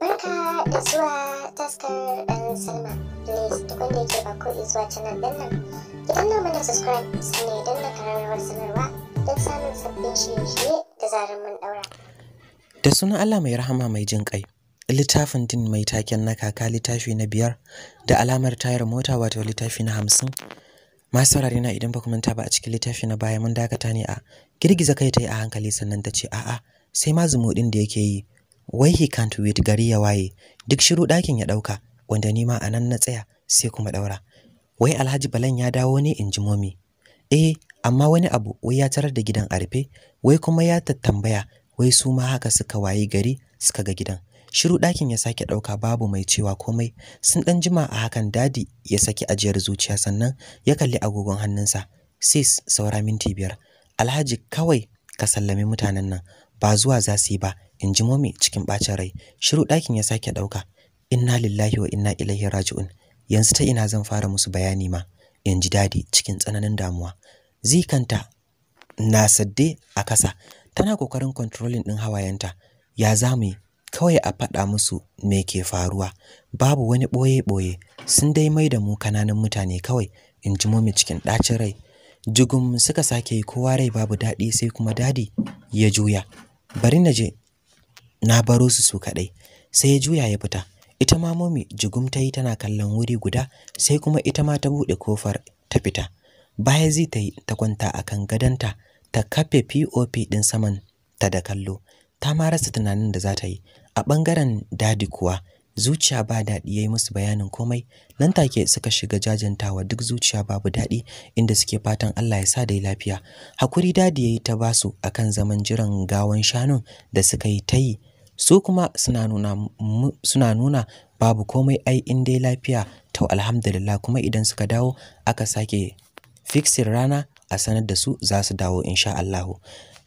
barka da zuwa taskar ɗan eh, salma please duk wanda yake bako izuwa zuwa canal din nan idan na mana subscribe sannan idan na kararrawar sanarwa don samun sabbin shirye-shirye da zarar mun daura da sunan allah mai rahama mai jin kai littafin din mai taken na kaka littafi na biyar da alamar tayar mota wato littafi na hamsin masu saurare na idan ba ku manta ba a cikin littafi na baya mun dakata ne a girgiza kai ta yi a hankali sannan ta ce a'a sai ma zumuɗin da yake yi wai he can't wait gari ya waye duk shiru ɗakin ya ɗauka wanda nima ma a nan na tsaya sai kuma ɗaura wai alhaji balan ya dawo ne in ji momi eh amma wani abu wai ya tarar da gidan a rufe wai kuma ya tattambaya wai su ma haka suka waye gari suka ga gidan shiru ɗakin ya sake ɗauka babu mai cewa komai sun ɗan jima a hakan dadi ya saki ajiyar zuciya sannan ya kalli agogon hannunsa sis saura minti biyar alhaji kawai ka sallami mutanen nan ba zuwa za su yi ba in ji momi cikin bacin rai shiru ɗakin ya sake ɗauka inna lillahi wa inna ilaihi raji'un yanzu ta ina zan fara musu bayani ma in ji dadi cikin tsananin damuwa zikanta na sadde a kasa tana kokarin controlling din hawayenta ya zamu kawai a faɗa musu me ke faruwa babu wani ɓoye-ɓoye sun dai mai da mu kananan mutane kawai in ji momi cikin ɗacin rai jugum suka sake yi kowa rai babu daɗi sai kuma dadi ya juya bari na je na baro su su kaɗai sai ya juya ya fita ita ma momi jigum ta yi tana kallon wuri guda sai kuma ita ma ta buɗe kofar ta fita baya zai ta yi ta kwanta akan kan gadonta ta kafe pop ɗin saman ta da kallo ta ma rasa tunanin da za ta yi a ɓangaren dadi kuwa zuciya ba daɗi ya yi musu bayanin komai nan take suka shiga jajantawa duk zuciya babu daɗi inda suke fatan Allah ya sa dai lafiya hakuri dadi ya yi ta basu akan zaman jiran gawan shanun da suka yi ta yi su kuma suna nuna babu komai ai in dai lafiya to alhamdulillah kuma idan suka dawo aka sake fixin rana a sanar da su za su dawo insha Allahu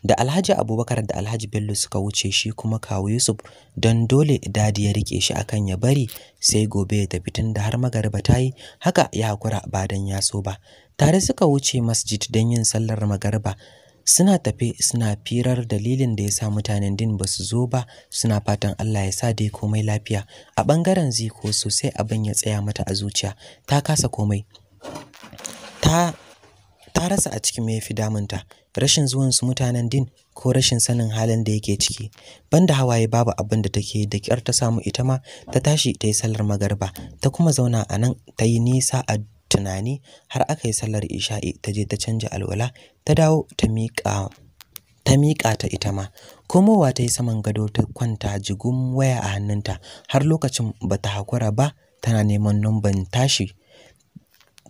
da Alhaji Abubakar da Alhaji Bello suka wuce shi kuma kawu Yusuf don dole dadi ya rike shi akan ya bari sai gobe ya tafi tun da har magariba ta yi haka ya hakura ba don ya so ba tare suka wuce masjid don yin sallar magariba suna tafe suna firar dalilin da ya sa mutanen din ba su zo ba suna fatan Allah ya sa dai komai lafiya a bangaren ziko sosai abin ya tsaya mata a zuciya ta kasa komai ta ta rasa a cikin me fi damunta rashin zuwan su mutanen din ko rashin sanin halin da yake ciki banda hawaye babu abin da take da kyar ta samu ita ma ta tashi ta yi sallar magarba ta kuma zauna a nan ta yi nisa a tunani har aka yi sallar isha'i ta je ta canja alwala ta dawo ta miƙa ta ita ma komowa ta yi saman gado ta kwanta jigun waya a hannunta har lokacin ba ta haƙura ba tana neman numban tashi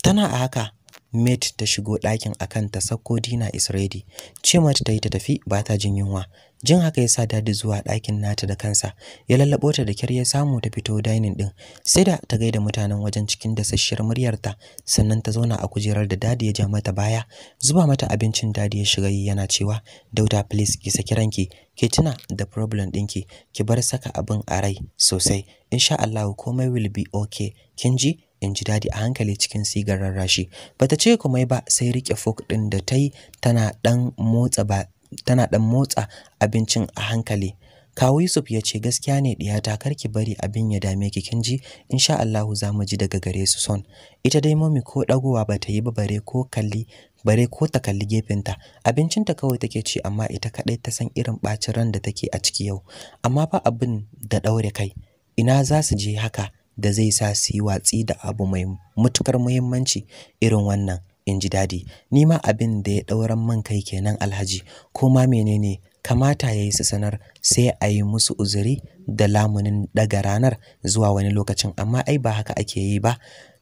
tana a haka mate ta shigo ɗakin akan ta sakko dina is ready ce ta yi ta tafi ba ta jin yunwa jin haka ya sa dadi zuwa ɗakin nata da kansa ya lallabo ta da kyar ya samu ta fito dining ɗin, sai da ta gaida mutanen wajen cikin dasasshiyar muryarta sannan ta zauna a kujerar da dadi ya ja mata baya zuba mata abincin dadi ya shiga yi yana cewa dauda please ki saki ranki ki tuna da problem ɗinki ki bar saka abin a rai sosai insha Allah komai will be okay kin ji in ji dadi a hankali cikin sigarar rashi bata ce komai ba sai rike fork ɗin da ta yi tana ɗan motsa ba tana ɗan motsa abincin a hankali kawu Yusuf ya ce gaskiya ne diyata ki bari abin ya dame ki kin ji insha Allah za mu ji daga gare su son ita dai momi ko dagowa ba ta yi ba bare ko kalli bare ko ta kalli gefenta abincinta kawai take ci amma ita kadai ta san irin bacin ran da take a ciki yau amma fa abin da daure kai ina za su je haka da zai sa su yi watsi da abu mai mutukar muhimmanci irin wannan In ji dadi ni ma abin da ya dauran man kai kenan alhaji ko ma menene kamata ya yi su sanar sai a yi musu uzuri da lamunin daga ranar zuwa wani lokacin amma ai ba haka ake yi ba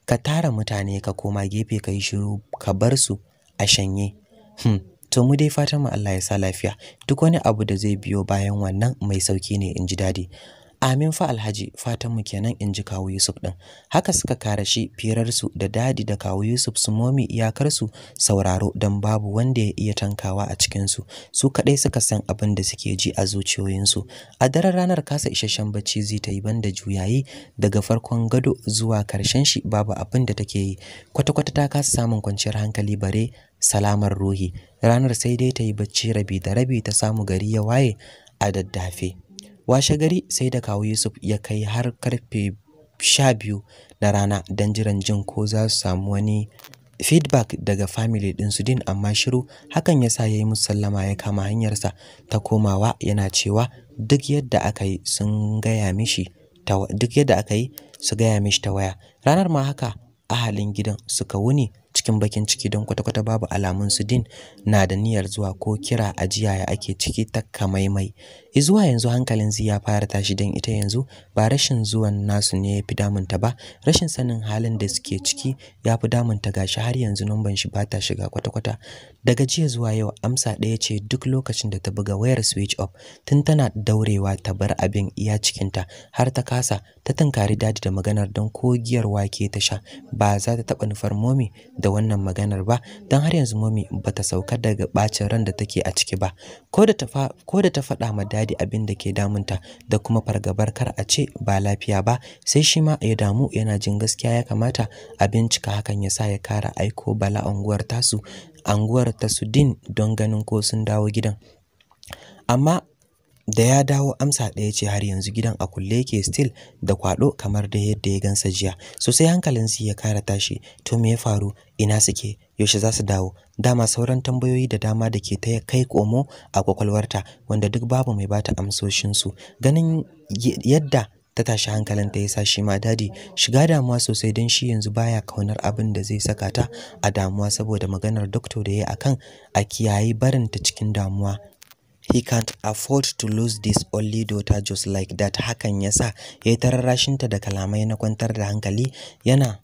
ka tara mutane ka koma gefe ka yi shiru ka bar su a shanye hmm. to mu dai fatan mu Allah ya sa lafiya duk wani abu da zai biyo bayan wannan mai sauki ne in ji dadi Amin fa Alhaji fatan mu kenan in ji kawo Yusuf din. Haka suka kare shi firarsu da dadi da kawo Yusuf su momi iyakarsu sauraro don babu wanda ya iya tankawa a cikinsu. Su kaɗai suka san abin da suke ji a zuciyoyinsu. A daren ranar kasa isasshen bacci zai ta yi banda juyayi daga farkon gado zuwa karshen shi babu abin da take yi. Kwata-kwata ta kasa samun kwanciyar hankali bare salamar ruhi. Ranar sai dai ta yi bacci rabi da rabi ta samu gari ya waye a daddafe. washe gari sai da kawo Yusuf ya kai har karfe sha biyu na rana don jiran jin ko za su samu wani feedback daga family din su din amma shiru hakan ya sa ya yi musallama ya kama hanyarsa ta komawa yana cewa duk yadda aka yi sun gaya mishi duk yadda aka yi su gaya mishi ta waya ranar ma haka ahalin gidan suka wuni cikin bakin ciki don kwata-kwata babu alamun su din na da niyyar zuwa ko kira a jiya ya ake ciki ta kamaimai. Izuwa yanzu hankalin zai ya fara tashi don ita yanzu ba rashin zuwan nasu ne ya fi damunta ba, rashin sanin halin da suke ciki ya fi damunta shi har yanzu numban shi ba ta shiga kwata-kwata. Daga jiya zuwa yau amsa ɗaya ce duk lokacin da ta buga wayar switch off tun tana daurewa ta bar abin iya cikinta har ta kasa ta tunkari dadi da maganar don kogiyar wake ta sha ba za ta taɓa nufar momi da wani wannan maganar ba don har yanzu mami ba ta sauka daga ɓacin ran da take a ciki ba ko da ta faɗa ma dadi abin da ke damunta da kuma fargabar kar a ce ba lafiya ba sai shi ma ya damu yana jin gaskiya ya kamata a bincika hakan ya sa ya kara aiko bala anguwar tasu anguwar ta din don ganin ko sun dawo gidan amma da ya dawo amsa ɗaya ce har yanzu gidan a kulle yake still da kwaɗo kamar da yadda ya gansa jiya sosai hankalinsu ya kara tashi to me ya faru ina suke yaushe za su dawo dama sauran tambayoyi da dama da ke ta kai komo a kwakwalwarta wanda duk babu mai bata su, ganin yadda ta tashi hankalin ya sa shi ma dadi shiga damuwa sosai don shi yanzu baya kaunar abin da zai saka ta a damuwa saboda maganar dokto da ya akan a kiyaye barinta cikin damuwa He can't afford to lose this only daughter just like that. Hakan yasa sa ya yi da kalamai na kwantar da hankali yana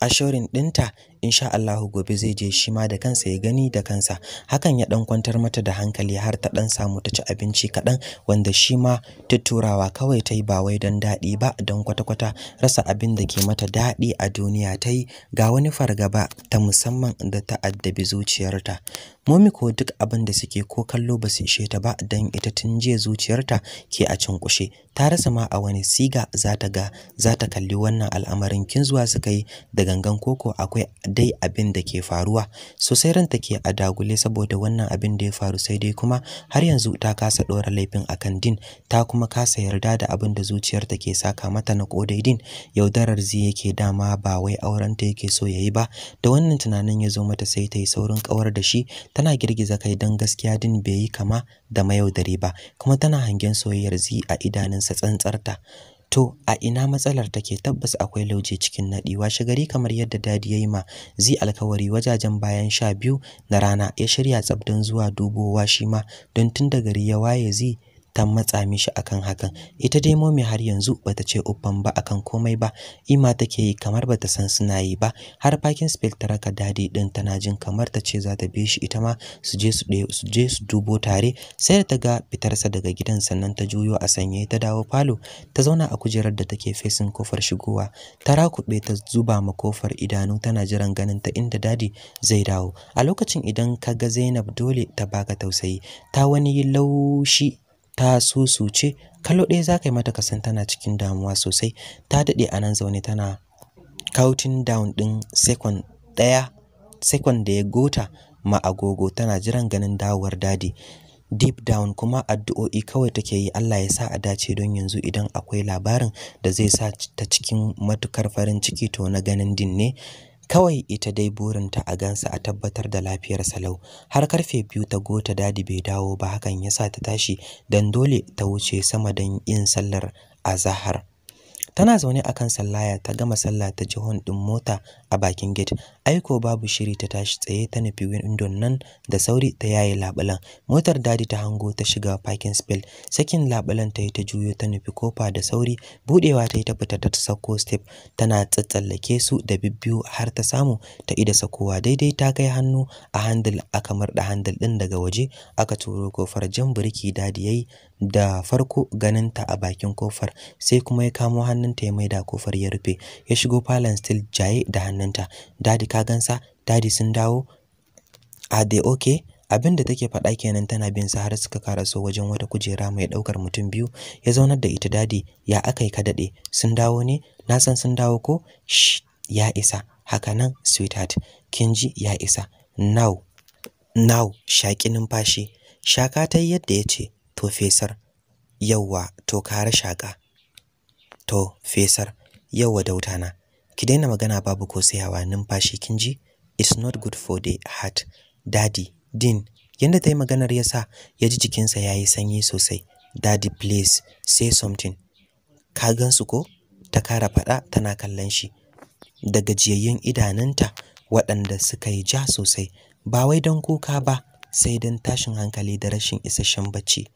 assuring dinta. insha Allahu gobe zai je shi ma da kansa ya gani da kansa hakan ya dan kwantar mata da hankali har ta dan samu ta ci abinci kaɗan wanda shi ma tutturawa kawai ta yi ba wai don daɗi ba don kwata-kwata rasa abin da ke mata daɗi a duniya ta yi ga wani fargaba ta musamman da ta addabi zuciyarta momi ko duk abin da suke ko kallo ba su ishe ta ba don ita tun jiya zuciyarta ke a cunkushe ta rasa ma a wani siga za ta ga za ta kalli wannan al'amarin kin zuwa suka yi da gangan koko akwai dai abin da ke faruwa sosai ranta ke a dagule saboda wannan abin da ya faru sai dai kuma har yanzu ta kasa ɗora laifin akan din ta kuma kasa yarda da abin da zuciyarta ke saka mata na kodai din yaudarar zi yake dama ba wai aurenta yake so yayi ba da wannan tunanin ya zo mata sai ta yi saurin kawar da shi tana girgiza kai dan gaskiya din bai yi kama da mayaudari ba kuma tana hangen soyayyar zi a idanunsa tsantsarta To a ina matsalar take tabbas akwai lauje cikin naɗi washe gari kamar yadda dadi yayi ma zai alkawari wajajen bayan sha biyu na rana ya shirya tsabdan zuwa dubowa shi ma don tun da gari ya waye zai ta matsa mishi akan hakan ita dai momi har yanzu bata ce uban ba akan komai ba ima take yi kamar bata san suna yi ba har fakin spectre ka dadi din tana jin kamar ta ce za ta bi shi ita ma su je su su je su dubo tare sai ta ga fitarsa daga gidan sannan ta juyo a sanye ta dawo falo ta zauna a kujerar da take fesin kofar shigowa ta rakuɓe ta zuba ma kofar idanu tana jiran ganin ta inda dadi zai dawo a lokacin idan ka ga Zainab dole ta baka tausayi ta wani laushi ta susuce kallo ɗaya za ka yi mata kasan tana cikin damuwa sosai ta daɗe a nan zaune tana counting down ɗin second ɗaya second da ya gota ma agogo tana jiran ganin dawowar dadi deep down kuma addu'o'i kawai take yi Allah ya sa a dace don yanzu idan akwai labarin da zai sa ta cikin matukar farin ciki to na ganin din ne Kawai ita dai burinta a gansa a tabbatar da lafiyar Salau. Har karfe biyu ta gota dadi bai dawo ba hakan ya sa ta tashi don dole ta wuce sama don yin sallar a zahar Tana zaune akan sallaya ta gama sallah ta ji hon ɗin mota a bakin gate aiko babu shiri ta tashi tsaye ta nufi windon nan da sauri ta yaye labulan motar dadi ta hango ta shiga parking spell sakin labulan ta yi ta juyo ta nufi kofa da sauri budewa ta yi ta fita ta sako step tana tsatsallake su da bibbiyu har ta samu ta ida sakowa daidai ta kai hannu a handle kamar da handle din daga waje aka turo kofar jan birki dadi yayi da farko ganin ta a bakin kofar sai kuma ya kamo hannunta ya maida kofar ya rufe ya shigo palan still jaye da hannun hannunta dadi ka gansa dadi sun dawo a they okay abin da take faɗa kenan tana bin sa har suka karaso wajen wata kujera mai ɗaukar mutum biyu ya zaunar da ita dadi ya akai ka daɗe sun dawo ne na san sun dawo ko Shh, ya isa haka hakanan sweetheart kinji ji ya isa now now shaki numfashi shaka ta yadda ya ce to fesar yawwa to kare shaka to fesar yawwa dautana Ki daina magana babu ko numfashi kin ji? It's not good for the heart. Daddy, Din, yanda ta yi maganar ya sa ya ji jikinsa ya yi sanyi sosai. Daddy, please, say something. Ka gansu ko? Ta kara faɗa tana kallon shi. Da gajiyayyun idanunta waɗanda suka yi ja sosai, ba wai don kuka ba, sai don tashin hankali da rashin isasshen bacci.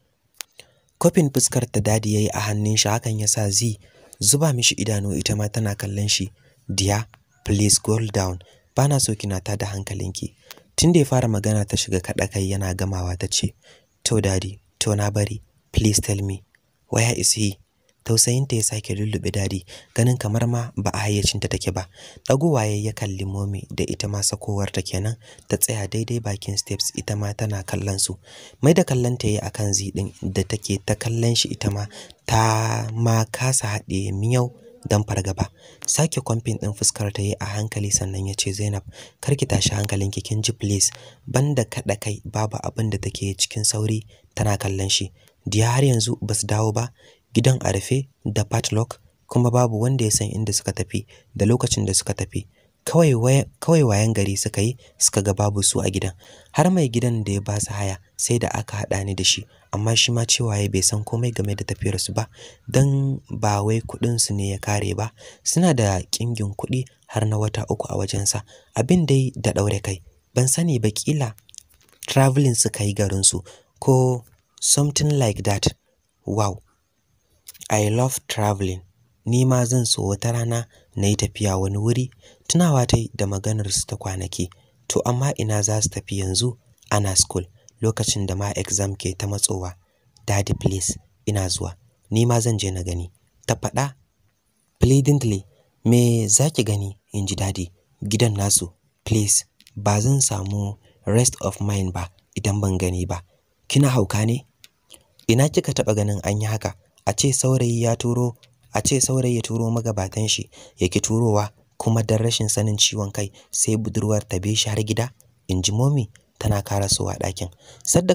Kofin fuskar ta dadi yi a hannun shi hakan yasa zi zuba mishi idanu ita ma tana kallon shi. dear please go down bana so kina tada hankalinki tunda ya fara magana ta shiga kada kai yana gamawa ta ce to daddy to na bari please tell me where is he tausayinta ya sake lullube dadi ganin kamar ma ba a hayyacinta take ba dagowaye ya kalli momi da ita ma sakowar ta kenan ta tsaya daidai bakin steps ita ma tana kallon su mai da kallon ta yi akan zidin da take ta kallon shi ita ma ta ma kasa haɗe miyau dan fargaba sake kwamfin ɗin fuskar ta yi a hankali sannan ya ce zainab kar ki tashi hankalinki kin ji please banda kaɗa kai babu abin da take cikin sauri tana kallon shi diya har yanzu ba su dawo ba gidan a rufe da patlock kuma babu wanda ya san inda suka tafi da lokacin da suka tafi kawai wayan gari suka yi suka ga babu su a gidan har mai gidan da ya ba su haya sai da aka haɗa ni da shi amma shi ma cewa ya bai san komai game da tafiyarsu ba dan ba wai su ne ya kare ba suna da ƙingin kuɗi har na wata uku a wajensa abin dai da ɗaure kai ban sani ba ƙila traveling suka yi garinsu ko something like that wow i love traveling ni ma zan so wata rana na yi tafiya wani wuri tunawa ta da maganar su ta kwanaki to amma ina za su tafi yanzu ana school lokacin da ma exam ke ta matsowa daddy please ina zuwa ni ma zan je na gani ta faɗa pleadingly me za ki gani in ji daddy gidan nasu please ba zan samu rest of mind ba idan ban gani ba kina hauka ne ina kika taɓa ganin an yi haka a ce saurayi ya turo a ce saurayi ya turo magabatan shi ya ki turowa kuma dan rashin sanin ciwon kai sai budurwar ta bi shi har gida in ji momi tana karasowa ɗakin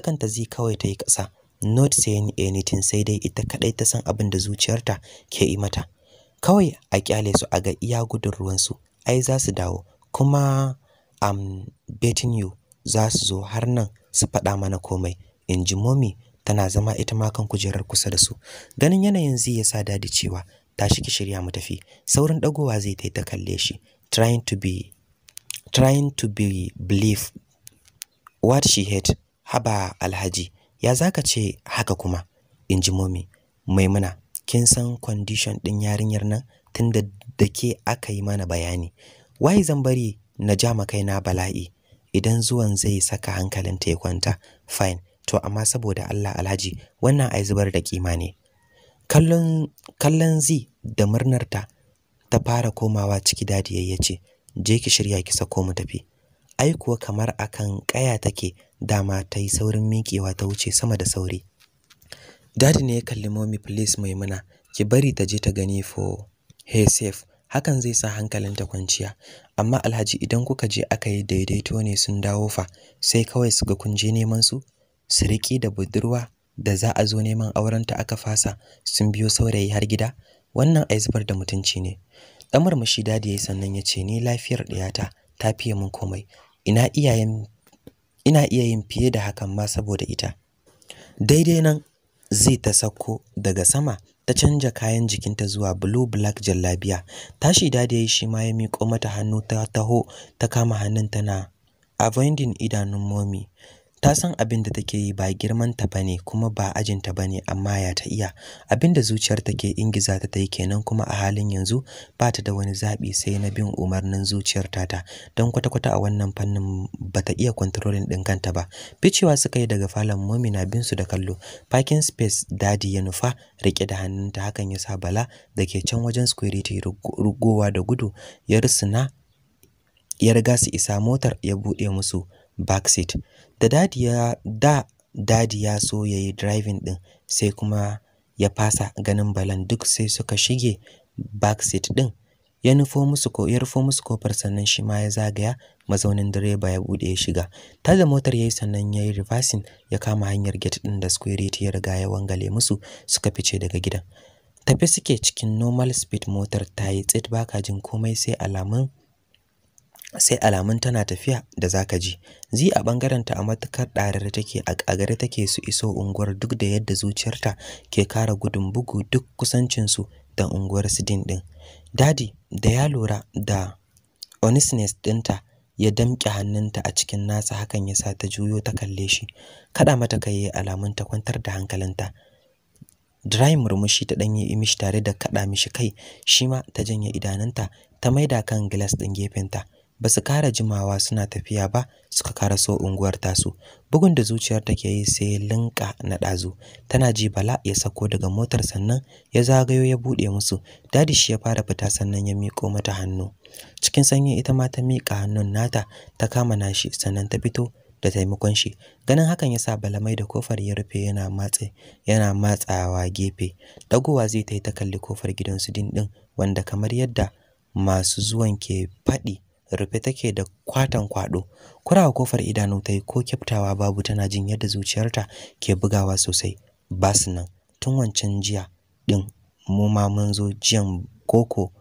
kanta zai kawai ta yi ƙasa not saying anything sai dai ita kadai ta san abin da zuciyarta ke yi mata kawai a ƙyale su a ga iya gudun ruwansu ai za su dawo kuma am um, betting you za su zo har nan su faɗa mana komai in momi tana zama ita ma kan kujerar kusa da su ganin yanayin zai yasa dadi cewa tashi ki shirya mu tafi saurin dagowa zai ta ta kalle shi trying to be trying to be believe what she had haba alhaji ya zaka ce haka kuma inji momi maimuna kin san condition din yarinyar nan tunda da ke aka yi mana bayani wai zan bari na ja kaina bala'i idan zuwan zai saka hankalinta ya kwanta fine to amma saboda Allah Alhaji wannan ai zubar da kima ne kallon kallon zi da murnarta ta fara komawa ciki dadi ya ce je ki shirya ki sako mu tafi ai kuwa kamar akan kaya take dama ta yi saurin miƙewa ta wuce sama da sauri dadi ne ya kalli mommy please maimuna ki bari ta je ta gani for hey safe hakan zai sa hankalinta kwanciya amma alhaji idan kuka je aka yi daidaito ne sun dawo fa sai kawai su ga kun je neman su siriki da budurwa da za a zo neman aurenta aka fasa sun biyo saurayi har gida wannan ai zubar da mutunci ne dan murmushi dadi yayi sannan ya ce ni lafiyar ɗiyata ta fiye min komai ina iyayen ina iya yin fiye da hakan ma saboda ita daidai nan zai ta sako daga sama ta canja kayan jikinta zuwa blue black jallabiya tashi dadi yayi shi ma ya miƙo mata hannu ta taho ta kama hannun tana avoiding idanun momi ta san abin da take yi ba girmanta ba ne kuma ba ajinta ba ne amma ya ta iya abin da zuciyar take ingiza ta yi kenan kuma a halin yanzu ba ta da wani zaɓi sai na bin umarnin zuciyar ta don kwata-kwata a wannan fannin ba ta iya kwantarolin ɗin kanta ba ficewa suka yi daga falon momina na bin su da kallo parking space dadi ya nufa riƙe da hannunta hakan ya sa bala da ke can wajen security rugowa da gudu ya rusuna ya riga su isa motar ya buɗe musu backseat da dadi ya da dadi ya so yayi driving din sai kuma ya fasa ganin balan duk sai suka shige back seat din ya nufo musu ko ya rufo musu kofar sannan shi ma ya zagaya mazaunin direba ya bude ya shiga ta da motar yayi sannan yayi reversing ya kama hanyar gate din da square ya riga ya wangale musu suka fice daga gidan tafi suke cikin normal speed motar ta yi tsit ka jin komai sai alamun sai alamun tana tafiya da zaka ji zi a bangaren ta a matukar darar take a kagare take su iso unguwar duk da yadda zuciyarta ke kara gudun bugu duk kusancin su da unguwar sidin din dadi da ya lura da onisnes dinta ya damke hannunta a cikin nasa hakan ya sa ta juyo ta kalle shi kada mata kai alamun ta kwantar da hankalinta Dry murmushi ta danye imishi tare da kada mishi kai shima ta janye idananta ta maida kan glass din gefenta ba su ƙara jimawa suna tafiya ba suka karaso unguwar tasu bugun da zuciyar take yi sai linka na ɗazu tana ji bala ya sako daga motar sannan ya zagayo ya buɗe musu dadi shi ya fara fita sannan ya miƙo mata hannu cikin sanyi ita ma ta miƙa hannun nata ta kama nashi sannan ta fito da taimakon shi ganin hakan ya sa mai da kofar ya rufe yana matse yana matsawa gefe dagowa zai ta yi ta kalli kofar gidansu din ɗin, wanda kamar yadda masu zuwan ke faɗi rufe take da kwatan kwado kurawa kofar idanu tai ko kyaftawa babu tana jin yadda zuciyarta ke bugawa sosai bas nan tun wancan jiya din mu ma mun zo jiyan koko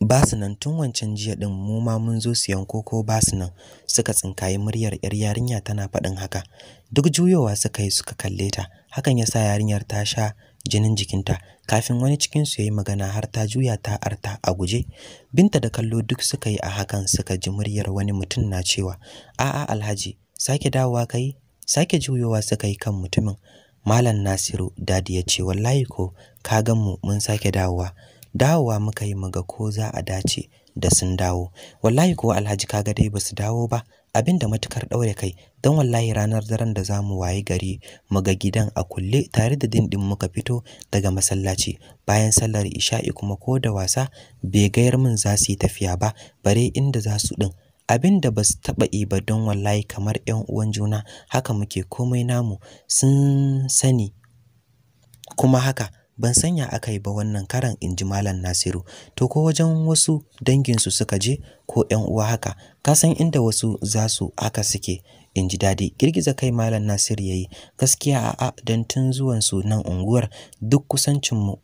basu nan tun wancan jiya din mu ma mun zo siyan koko basu nan suka tsinkayi muryar yar yarinya tana faɗin haka duk juyowa suka yi suka kalle ta hakan yasa yarinyar ta sha jinin jikinta kafin wani cikinsu ya yi magana har ta juya ta arta a guje binta da kallo duk suka yi a hakan suka ji muryar wani mutum na cewa a'a alhaji sake dawowa kai sake juyowa suka yi kan mutumin malam nasiru dadi ya ce wallahi ko ka gan mu mun sake dawowa dawowa muka yi muga ko za a dace da sun dawo wallahi ko alhaji kaga dai basu dawo ba abin da matukar ɗaure kai don wallahi ranar daren da za mu waye gari mu ga gidan a kulle tare da dindin muka fito daga masallaci bayan sallar isha'i kuma ko da wasa bai gayar min za su yi tafiya ba bare inda za su ɗin abin da ba su taɓa yi ba don wallahi kamar 'yan uwan juna haka muke komai namu sun sani kuma haka ban sanya aka yi ba wannan karan in ji malam nasiru to ko wajen wasu danginsu suka je ko yan uwa haka ka san inda wasu za su haka suke in ji daɗi girgiza kai malam nasiru ya yi gaskiya a'a don tun zuwansu nan unguwar duk kusancinmu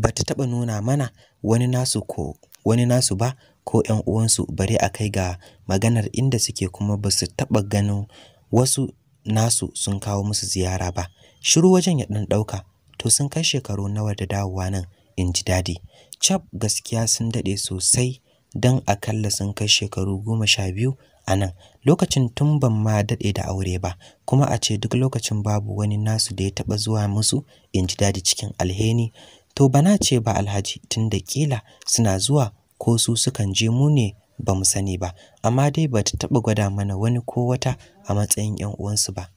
ba ta taɓa nuna mana wani nasu ko wani nasu ba ko yan uwansu bare a kai ga maganar inda suke kuma ba su taɓa ganin wasu nasu sun kawo musu ziyara ba shiru wajen ya ɗan ɗauka to sun kai shekaru nawa da dawowa nan in ji daɗi cap gaskiya sun daɗe sosai don akalla sun kai shekaru goma sha biyu a nan lokacin tun ban ma daɗe da aure ba kuma a ce duk lokacin babu wani nasu da ya taɓa zuwa musu in ji daɗi cikin alheri to bana ce ba alhaji tun da kila suna zuwa ko su sukan je mu ne ba mu sani ba amma dai ba ta taɓa gwada mana wani ko wata a matsayin 'yan uwansu ba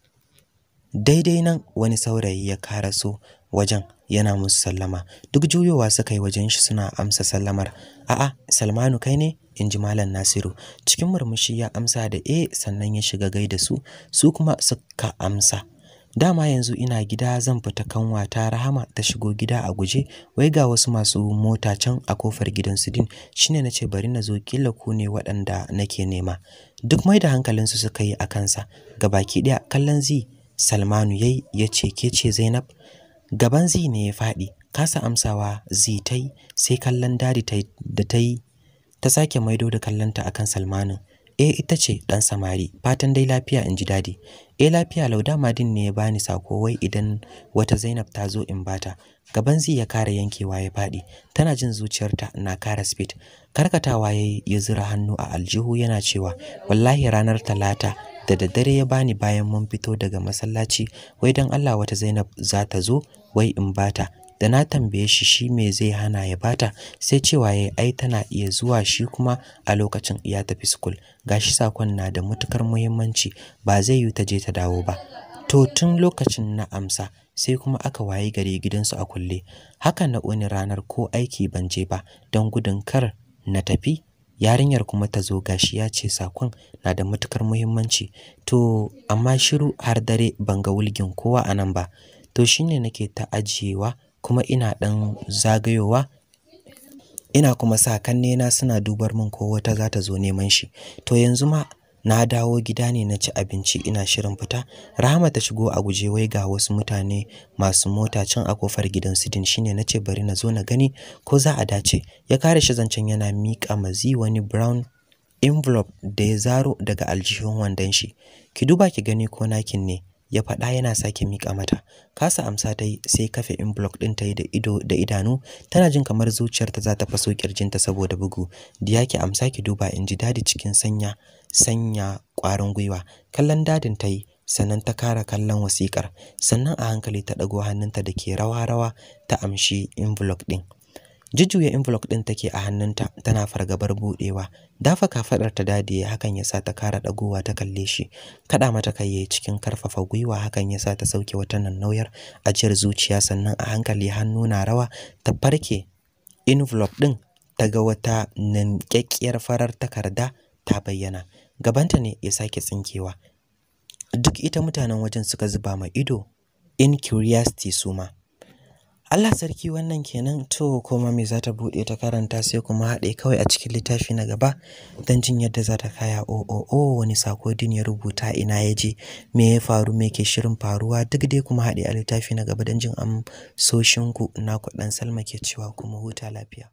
daidai nan wani saurayi ya karaso wajen yana musu sallama duk juyowa suka yi wajen shi suna amsa sallamar a'a salmanu kai ne in ji malam nasiru cikin murmushi ya amsa da e sannan ya shiga gaida su su kuma suka amsa dama yanzu ina gida zan fita kanwa ta rahama ta shigo gida a guje wai ga wasu masu mota can a kofar gidan su din shine nace bari na zo killa ku ne waɗanda nake nema duk mai da su suka yi a kansa baki ɗaya kallon zi salmanu yayi ya ce ke ce zainab gaban zi ne ya faɗi kasa amsawa zi ta yi sai kallon dadi da ta yi ta sake maido da kallonta akan salmanin e eh, ita ce ɗan samari fatan dai lafiya in ji dadi e lafiya lauda madin ne ya bani sako wai idan wata zainab ta zo in bata gaban zi ya kara yankewa ya faɗi tana jin zuciyarta na kara speed karkatawa ya ya zura hannu a aljihu yana cewa wallahi ranar talata da daddare ya bani bayan mun fito daga masallaci wai dan Allah wata Zainab za ta zo wai in bata da na tambaye shi shi me zai hana ya bata sai cewa yayi ai tana iya zuwa shi kuma a lokacin ya tafi school gashi sakon na da matukar muhimmanci ba zai yi ta je ta dawo ba to tun lokacin na amsa sai kuma aka waye gare gidansu a kulle haka na wani ranar ko aiki ban je ba don gudun kar na tafi yarinyar kuma ta zo gashi ya ce sakon na da matukar muhimmanci to amma shiru har dare ban ga wulgin kowa anan ba to shine nake ta ajiyewa kuma ina ɗan zagayowa ina kuma sa kannena suna dubar min ko wata za ta zo neman shi to yanzu ma na dawo gida ne na ci abinci ina shirin fita rahama ta shigo a guje wai ga wasu mutane masu mota can a kofar gidan sidin din shine nace bari na zo na gani ko za a dace ya kare shi zancen yana miƙa mazi wani brown envelope da ya zaro daga aljihun wandon shi ki duba ki gani ko nakin ne ya faɗa yana sake mika mata kasa amsa ta sai kafe in block ɗin ta yi da ido da idanu tana jin kamar zuciyarta za ta faso kirjinta saboda bugu ke amsa ki duba in ji dadi cikin sanya sanya ƙwarin gwiwa kallon dadin ta yi sannan ta kara kallon wasikar sannan a hankali ta ɗago hannunta da ke rawa-rawa ta amshi envelope ɗin jujjuya envelope ɗin take a hannunta tana fargabar buɗewa dafa kafaɗar ta dadiye hakan yasa ta kara ɗagowa ta kalle shi kaɗa mata kai cikin karfafa gwiwa hakan yasa ta sauke wata nan nannauyar ajiyar zuciya sannan a hankali hannu na rawa ta farke envelope ɗin ta ga wata nanƙaƙƙiyar farar takarda ta bayyana gabanta ne ya sake tsinkewa duk ita mutanen wajen suka zuba mai ido in curiosity suma Allah sarki wannan kenan to kuma me za ta buɗe ta karanta sai kuma haɗe kawai a cikin littafi na gaba don jin yadda za ta kaya o o o wani sako din ya rubuta ina ya je me ya faru me ke shirin faruwa duk dai kuma haɗe a littafi na gaba don jin amsoshinku, ku na kuɗan Salma ke cewa kuma huta lafiya.